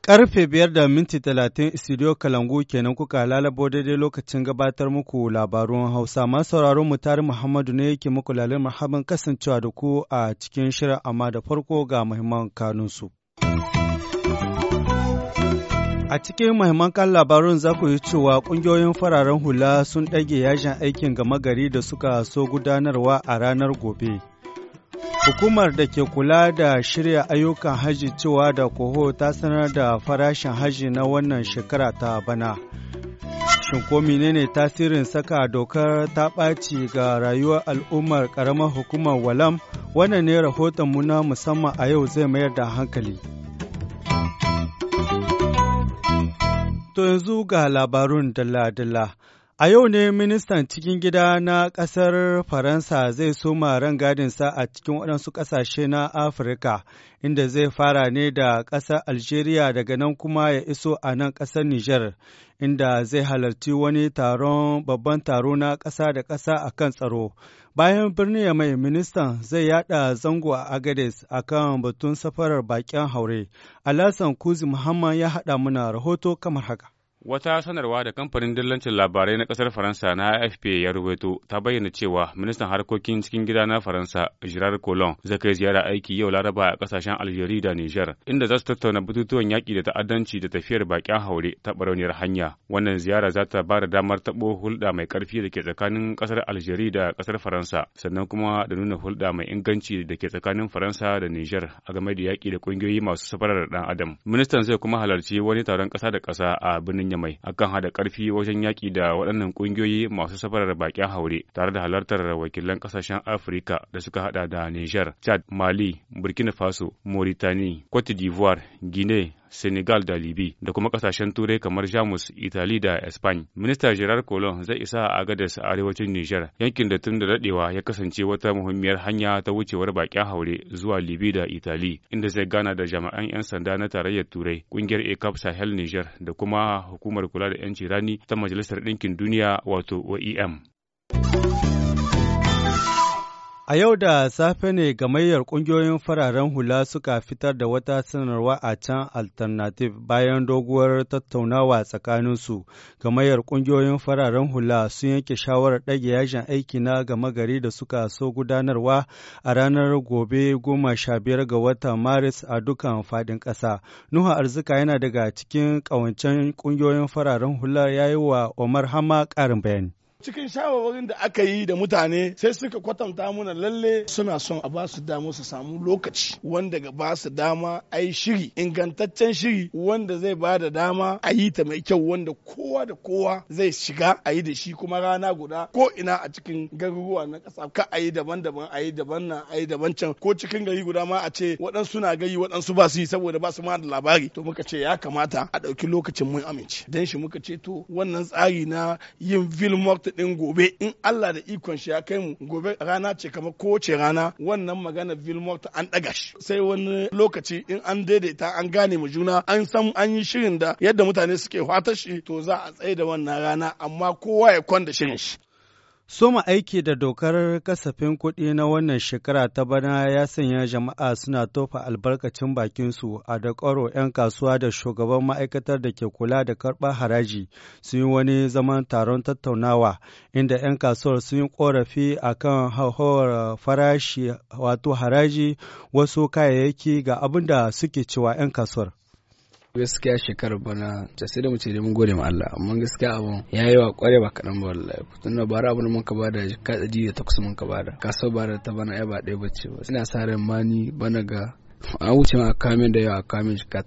Karfe biyar da minti talatin studio Kalangu kenan kuka lalabo daidai lokacin gabatar muku labarun Hausa. Masu sauraron mu tare Muhammadu ne yake muku lalin kasancewa da ku a cikin shirin amma da farko ga muhimman kanunsu. A cikin mahimman labarun za ku yi cewa ƙungiyoyin fararen hula sun ɗage yajin aikin gama gari da suka so gudanarwa a ranar gobe. Hukumar da ke kula da shirya ayyukan haji cewa da koho ta sanar da farashin haji na wannan shekara ta bana. Shin ko menene tasirin saka dokar ta ɓaci ga rayuwar al'ummar ƙaramar hukumar Walam? Wannan ne rahoton mu na musamman a yau zai mayar da hankali. To yanzu ga labarun dalla-dalla. A yau ne ministan cikin gida na ƙasar Faransa zai soma rangadinsa a cikin waɗansu ƙasashe na Afirka, inda zai fara ne da ƙasar Algeria daga nan kuma ya iso a nan ƙasar Nijar, inda zai halarci wani taron babban taro na ƙasa da ƙasa a kan tsaro. Bayan birnin mai ministan zai yada zango a Agades a kan batun safarar baƙin haure. Alasan Kuzi Muhammad ya haɗa mana rahoto kamar haka. Wata sanarwa da kamfanin dillancin labarai na kasar Faransa na AFP ya rubuto ta bayyana cewa ministan harkokin cikin gida na Faransa Gerard Collomb zai kai ziyara aiki yau Laraba a kasashen Algeria da Niger inda za su tattauna batutuwan yaƙi da ta'addanci da tafiyar bakin haure ta barauniyar hanya. Wannan ziyara za ta ba da damar taɓo hulɗa mai ƙarfi da ke tsakanin kasar Algeria da kasar Faransa sannan kuma da nuna hulɗa mai inganci da ke tsakanin Faransa da Niger a game da yaƙi da ƙungiyoyi masu safarar dan adam. Ministan zai kuma halarci wani taron ƙasa da ƙasa a birnin mai akan hada karfi wajen yaƙi da waɗannan ƙungiyoyi masu safarar baƙin haure tare da halartar wakilan ƙasashen Afirka da suka hada da Niger, Chad, Mali, Burkina Faso, Mauritania, Cote d'Ivoire, Guinea, Senegal da Libi da kuma kasashen Turai kamar Jamus, Itali da Spain. Minista Gerard Colon zai isa a Agadez a arewacin Nijar, yankin da tun da dadewa ya kasance wata muhimmiyar hanya ta wucewar bakin haure zuwa Libi da Itali, inda zai gana da jami'an 'yan sanda na tarayyar Turai, ƙungiyar ECAP Sahel Nijar da kuma hukumar kula da 'yanci rani ta Majalisar Ɗinkin Duniya wato OEM. A yau da safe ne gamayyar ƙungiyoyin fararen hula suka fitar da wata sanarwa a can Alternative bayan doguwar tattaunawa tsakaninsu. Gamayyar ƙungiyoyin fararen hula sun yanke shawarar ɗage yajin aiki na gama gari da suka so gudanarwa a ranar gobe goma sha biyar ga watan Maris a dukan fadin ƙasa. Nuhu Arzika yana daga cikin ƙawancen ƙungiyoyin fararen hula ya yi wa Omar Hama ƙarin bayani. cikin shawarwarin da aka yi da mutane sai suka kwatanta muna lalle suna son a ba su dama su samu lokaci wanda ga ba su dama a yi shiri ingantaccen shiri wanda zai ba da dama a yi ta mai kyau wanda kowa da kowa zai shiga a yi da shi kuma rana guda ko ina a cikin garuruwa na kasa ka a yi daban-daban a yi daban na a yi daban can ko cikin gari guda ma a ce waɗansu na gari waɗansu ba su yi saboda ba su ma da labari to muka ce ya kamata a ɗauki lokacin mun amince dan shi muka ce to wannan tsari na yin film ɗin gobe in Allah da ikon shi ya kai mu gobe rana ce kamar kowace rana wannan magana Vilmort an ɗaga shi sai wani lokaci in an daidaita an gane mu juna an san an yi shirin da yadda mutane suke fatar shi to za a tsaye da wannan rana amma kowa ya kwanda shirin shi. Soma aiki da dokar kasafin kuɗi na wannan shekara ta bana ya sanya jama'a suna tofa albarkacin bakinsu a da 'yan kasuwa da shugaban ma'aikatar da ke kula da karɓar haraji sun yi wani zaman taron tattaunawa inda 'yan kasuwar sun yi ƙorafi a kan hauhawar farashi wato haraji wasu kayayyaki ga abin da suke cewa 'yan kasuwar. gaskiya shekarar bana ta sai da mace ce da mun gode ma Allah amma gaskiya abun ya yi wa kware ba kadan ba wallahi tun da bara abun mun ka bada ka tsaji da takwas mun ka bada so bara ta bana ya ba dai bace ba ina sa ran mani bana ga an wuce ma a kamin da yawa kamin ka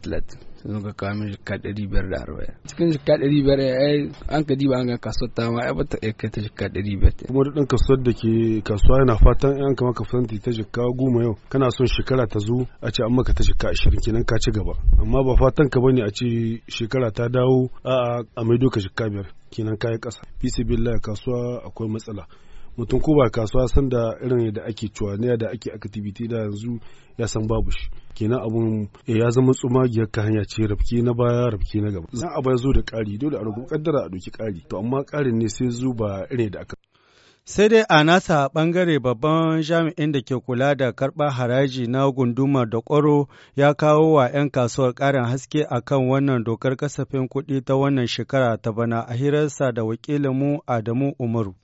sun ka kawo min jika ɗari biyar da arba'in cikin jika ɗari biyar yi an ka diba an ga kasuwar ta ma ba ta aika ta jika ɗari biyar kuma da kasuwar da ke kasuwa yana fatan an kama ka fanti ta jika goma yau kana son shekara ta zo a ce an maka ta jika ashirin kenan ka ci gaba amma ba fatan ka bane a ce shekara ta dawo a'a a maido ka jika biyar kenan kayi ƙasa fi kasuwa akwai matsala mutum ko ba kasuwa san da irin da ake ne da ake activity da yanzu ya san babu shi kenan abun eh, ya zama tsumagiyar ka hanya ce rafke na baya rafke na gaba zan a zo da ƙari dole a rubu kaddara a doki ƙari to amma ƙarin ne sai zo ba irin da aka sai dai a nasa bangare babban jami'in da ke kula da karbar haraji na gunduma da kwaro ya kawo wa 'yan kasuwar karin haske a kan wannan dokar kasafin kuɗi ta wannan shekara ta bana a hirarsa da wakilinmu adamu umaru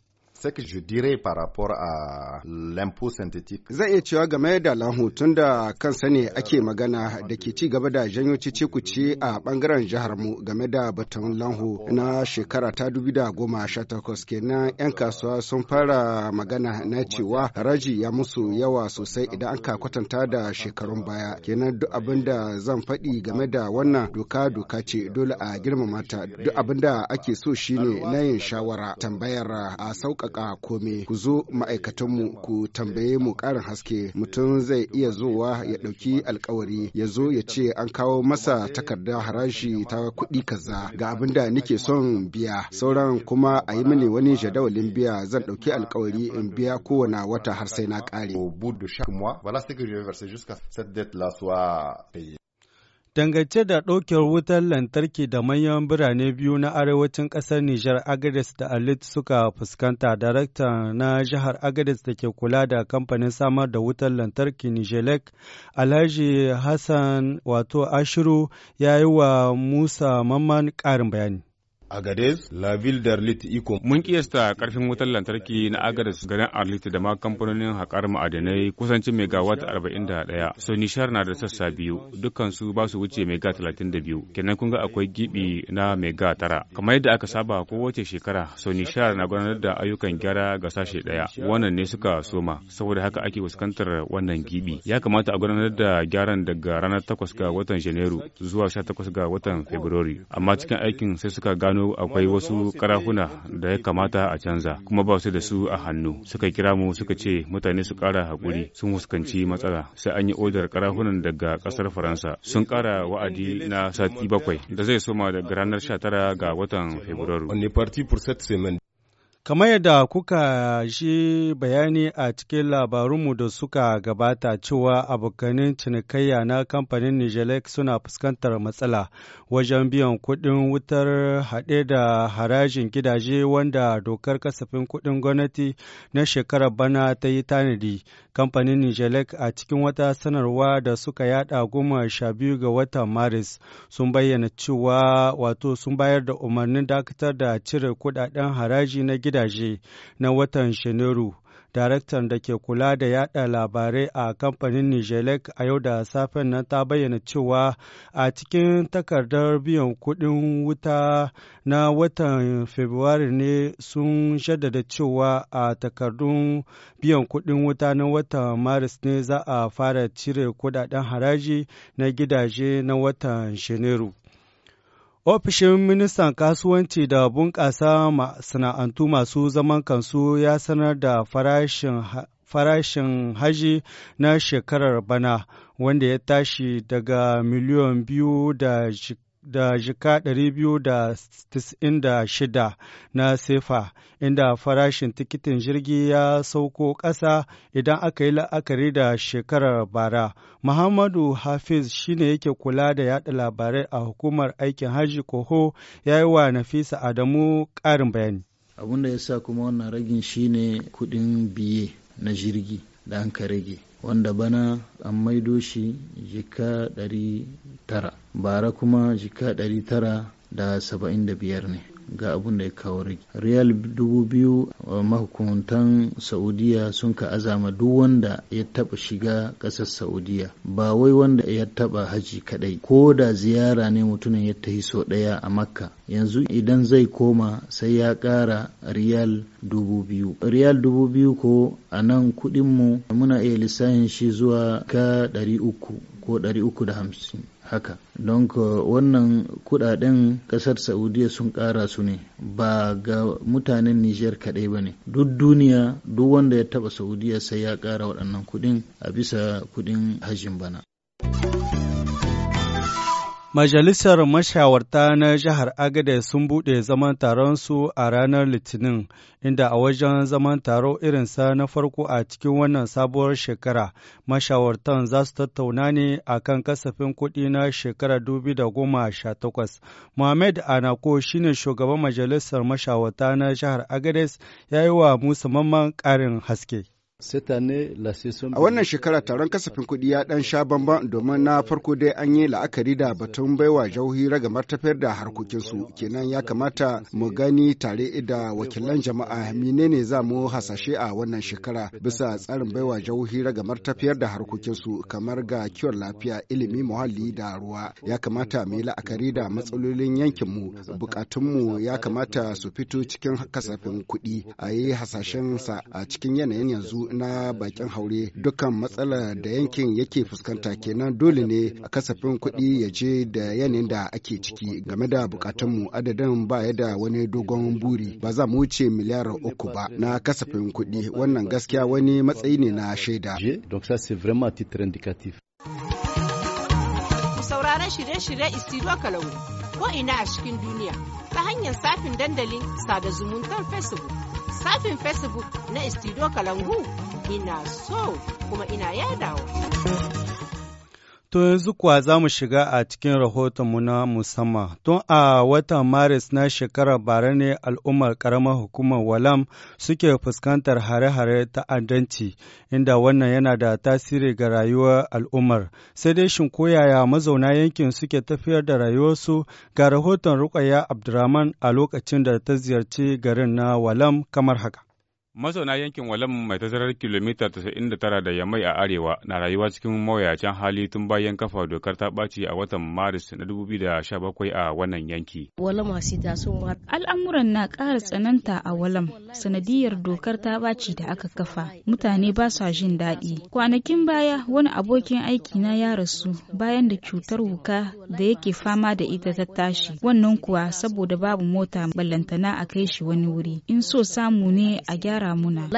ce que je dirais par rapport à l'impôt synthétique. Zai iya cewa game da lahutun da kansa ne ake magana da ke ci gaba da janyo cicikuci a bangaren jihar mu game da batun lanho na shekara ta 2018 kenan 'yan kasuwa sun fara magana na cewa haraji ya musu yawa sosai idan an ka kwatanta da shekarun baya kenan duk abin zan faɗi game da wannan doka doka ce dole a girmama ta duk abinda ake so shine na yin shawara tambayar a sauka sauƙaƙa komai ku zo ma'aikatanmu ku tambaye mu ƙarin haske mutum zai iya zowa ya ɗauki alkawari ya zo ya ce an kawo masa takarda harashi ta kuɗi kaza ga abin da nike son biya sauran kuma a yi mini wani jadawalin biya zan ɗauki alkawari in biya kowane wata har sai na ƙare. Dangance da ɗaukar wutar lantarki da manyan birane biyu na arewacin ƙasar Nijar Agadez da Alit suka fuskanta, darakta na jihar Agadez da ke kula da kamfanin samar da wutar lantarki Nijelek, Alhaji Hassan wato Ashiru ya yi wa Musa Mamman ƙarin bayani. Agadez, La Ville d'Arlit Iko. Mun kiyasta karfin wutar lantarki na Agadez garin Arlit da ma kamfanonin haƙar ma'adanai kusancin megawatt 41. So Nishar na da sassa biyu, dukkan su ba su wuce mega 32. Kenan kun ga akwai gibi na mega tara. Kamar yadda aka saba kowace shekara, So Nishar na gudanar da ayyukan gyara ga sashe daya. Wannan ne suka soma, saboda haka ake fuskantar wannan gibi. Ya kamata a gudanar da gyaran daga ranar 8 ga watan Janairu zuwa 18 ga watan Fabrairu. Amma cikin aikin sai suka gano gano akwai wasu karafuna da ya kamata a canza kuma ba su da su a hannu suka kira mu suka ce mutane su kara hakuri sun fuskanci matsala sai an yi odar karafunan daga kasar faransa sun kara wa'adi na sati bakwai da zai soma daga ranar 19 ga watan fabrairu Kamar yadda kuka shi bayani a cikin labarunmu da suka gabata cewa abokanin cinikayya na kamfanin Nijelek suna fuskantar matsala wajen biyan kuɗin wutar haɗe da harajin gidaje wanda dokar kasafin kuɗin gwamnati na shekarar bana ta yi tanadi. Kamfanin Nijelek a cikin wata sanarwa da suka yada goma sha biyu ga watan Maris sun bayyana cewa wato sun bayar da umarnin dakatar da cire kuɗaɗen haraji na gidaje na watan Janairu. Daraktan da ke kula da yada labarai a kamfanin Nijelek a yau da safen nan ta bayyana cewa a cikin takardar biyan kuɗin wuta na watan february ne sun shaddada cewa a takardun biyan kuɗin wuta na watan Maris ne za a fara cire kudaden haraji na gidaje na watan Janairu. Ofishin Ministan Kasuwanci da Bunƙasa sana'antu Masu Zaman Kansu ya sanar da farashin haji na shekarar bana wanda ya tashi daga miliyon biyu da da jika 296 na sefa inda farashin tikitin jirgi ya sauko ƙasa idan aka yi la'akari da shekarar bara. Muhammadu Hafiz shine yake kula da yada labarai a hukumar aikin hajji Koho ya yi wa Nafisa Adamu ƙarin bayani. Abin da ya sa kuma wannan ragin shine kudin biye na jirgi da an ka rage. wanda bana an maido shi jika tara bara kuma jika ɗari tara da saba'in da biyar ne ga abin da ya kawo rigi riyal dubu mahukuntan saudiya sun ka azama duk wanda ya taba shiga ƙasar saudiya ba wai wanda ya taba haji kadai ko da ziyara ne mutumin ya tahi so ɗaya a makka yanzu idan zai koma sai ya ƙara riyal dubu biyu riyal dubu biyu ko a nan kudinmu muna iya lissahin shi zuwa ka ɗari uku ko 350 haka don wannan kudaden kasar saudiya sun kara su ne ba ga mutanen niger kaɗai ba ne duk duniya duk wanda ya taba saudiya sai ya kara waɗannan kudin a bisa kudin hajjin bana Majalisar mashawarta na jihar Agade sun buɗe zaman taron su a ranar Litinin, inda a wajen zaman taro sa na farko a cikin wannan sabuwar shekara, mashawartan za su tattauna ne a kan kasafin kuɗi na shekara sha 2018. Mohamed Anako shine shugaban majalisar mashawarta na jihar Agades ya yi wa musamman ƙarin haske. A wannan shekara taron kasafin kuɗi ya ɗan sha bamban domin na farko dai an yi la'akari da batun baiwa jauhi ragamar tafiyar da harkokinsu kenan ya kamata mu gani tare da wakilan jama'a mine ne za mu hasashe a wannan shekara bisa tsarin baiwa jauhi ragamar tafiyar da harkokinsu kamar ga kiwon lafiya ilimi muhalli da ruwa ya kamata mu yi la'akari da matsalolin yankinmu bukatunmu ya kamata su fito cikin kasafin kuɗi a yi hasashen sa a cikin yanayin yanzu na bakin haure dukkan matsala da yankin yake fuskanta kenan dole ne a kasafin kuɗi ya je da yanayin da ake ciki game da bukatunmu adadin ba ya da wani dogon buri ba za mu wuce miliyar uku ba na kasafin kuɗi wannan gaskiya wani matsayi ne na shaida. sauraron shirye-shirye istiro kalangu ko ina a cikin duniya ta hanyar safin dandalin sada zumuntar facebook shafin facebook na istido kalangu ina so kuma ina yadawa. To yanzu kuwa za mu shiga a cikin rahotonmu na musamman. Tun a watan Maris na shekarar bara ne al'ummar ƙaramar hukumar Walam suke fuskantar hare-hare ta'addanci, inda wannan yana da tasiri ga rayuwar al'ummar. Sai dai shin koyaya mazauna yankin suke tafiyar da rayuwarsu ga rahoton Rukayya Abdurrahman a lokacin da ta ziyarci garin na Walam kamar haka. masana yankin Walam mai tazarar kilomita 99 da Yamai a arewa na rayuwa cikin mawuyacin hali tun bayan kafa dokar ta ɓaci a watan Maris na 2017 a wannan yanki. Walam Al'amuran na ƙara tsananta a Walam sanadiyar dokar ta ɓaci da aka kafa. Mutane ba sa jin daɗi. Kwanakin baya wani abokin aiki na ya rasu bayan da cutar wuka da yake fama da ita ta tashi. Wannan kuwa saboda babu mota ballantana a kai shi wani wuri. In so samu ne a gyara muna.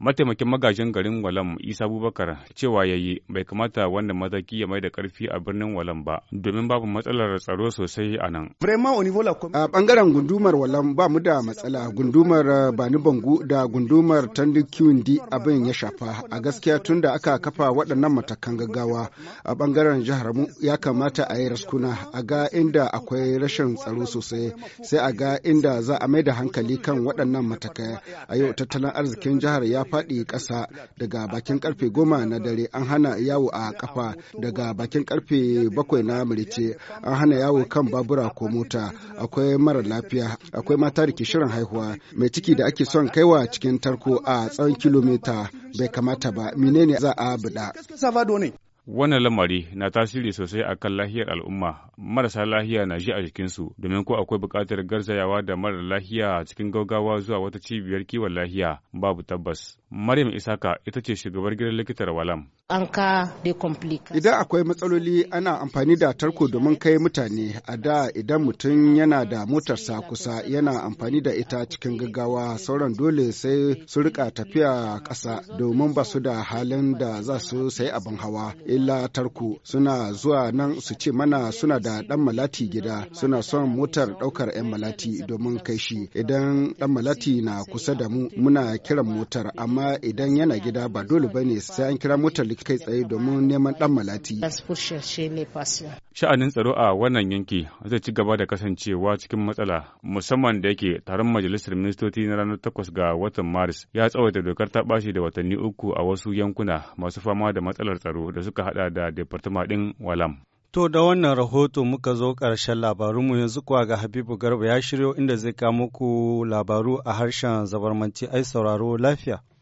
Mataimakin magajin garin Walam Isa Abubakar cewa ya yi bai kamata wanda mataki ya mai da karfi a birnin Walam ba domin babu matsalar tsaro sosai a nan. A bangaren gundumar Walam ba mu da matsala gundumar eh, Bani Bangu da gundumar tandi Kiwindi abin ya shafa a gaskiya tun da aka kafa waɗannan matakan gaggawa a bangaren jihar mu ya kamata a yi raskuna a ga inda akwai rashin tsaro sosai sai a ga inda za a mai da hankali kan waɗannan matakai a yi yau tattalin arzikin jihar ya faɗi ƙasa daga bakin karfe goma na dare an hana yawo a kafa daga bakin karfe bakwai na mulice an hana yawo kan babura ko mota akwai mara lafiya akwai mata da ke shirin haihuwa mai ciki da ake son kaiwa cikin tarko a tsawon kilomita bai kamata ba menene za a buɗa Wannan lamari na tasiri sosai a kan lahiyar al'umma, marasa lahiya na ji a jikinsu, domin ko akwai buƙatar garzayawa da marar lahiya a cikin gaugawa zuwa wata cibiyar kiwon lahiya babu tabbas. Maryam Isaka ita ce shugabar gidan likitar Walam. An ka Idan akwai matsaloli ana amfani da tarko domin kai mutane a da idan mutum yana da motarsa kusa yana amfani da ita cikin gaggawa sauran dole sai su rika tafiya ƙasa domin ba su da halin da za su sayi abin hawa illa tarko suna zuwa nan su ce mana suna da ɗan malati gida suna son motar ɗaukar 'yan malati domin kai shi idan ɗan malati na kusa da mu muna kiran motar amma idan yana gida ba dole ba ne sai an kira motar kai tsaye domin neman dan malati. Sha'anin tsaro a wannan yanki zai ci gaba da kasancewa cikin matsala musamman da yake taron majalisar ministoci na ranar takwas ga watan Maris ya tsawaita dokar ta bashi da watanni uku a wasu yankuna masu fama da matsalar tsaro da suka hada da departama ɗin Walam. To da wannan rahoto muka zo karshen ƙarshen mu yanzu kuwa ga Habibu Garba ya shiryo inda zai kawo muku labaru a harshen zabarmanci ai sauraro lafiya.